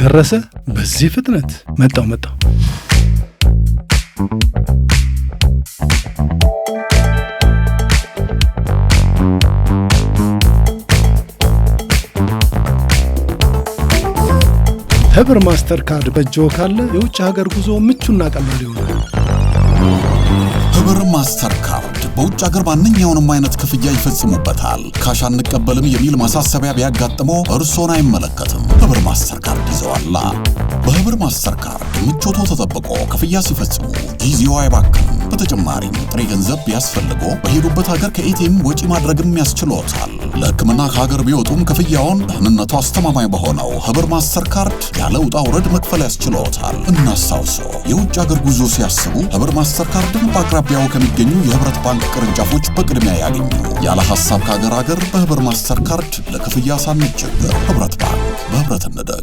ደረሰ። በዚህ ፍጥነት መጣው መጣው ህብር ማስተር ካርድ በእጅዎ ካለ የውጭ ሀገር ጉዞ ምቹና ቀላል ይሆናል። ህብር ማስተር ካርድ በውጭ ሀገር ማንኛውንም አይነት ክፍያ ይፈጽሙበታል። ካሽ አንቀበልም የሚል ማሳሰቢያ ቢያጋጥመው እርሶን አይመለከትም። ህብር ማስተርካርድ ይዘዋላ። በህብር ማስተርካርድ ምቾቶ ተጠብቆ ክፍያ ሲፈጽሙ ጊዜው አይባክም። በተጨማሪም ጥሬ ገንዘብ ቢያስፈልጎ በሄዱበት ሀገር ከኤቲኤም ወጪ ማድረግም ያስችሎታል። ለሕክምና ከሀገር ቢወጡም ክፍያውን ደህንነቱ አስተማማኝ በሆነው ህብር ማስተር ካርድ ያለ ውጣ ውረድ መክፈል ያስችሎታል። እናስታውሶ የውጭ ሀገር ጉዞ ሲያስቡ ህብር ማስተር ካርድን በአቅራቢያው ከሚገኙ የህብረት ባንክ ቅርንጫፎች በቅድሚያ ያገኙ። ያለ ሀሳብ ከሀገር ሀገር በህብር ማስተር ካርድ ለክፍያ ሳንቸገር ህብረት ባንክ በህብረት እንደግ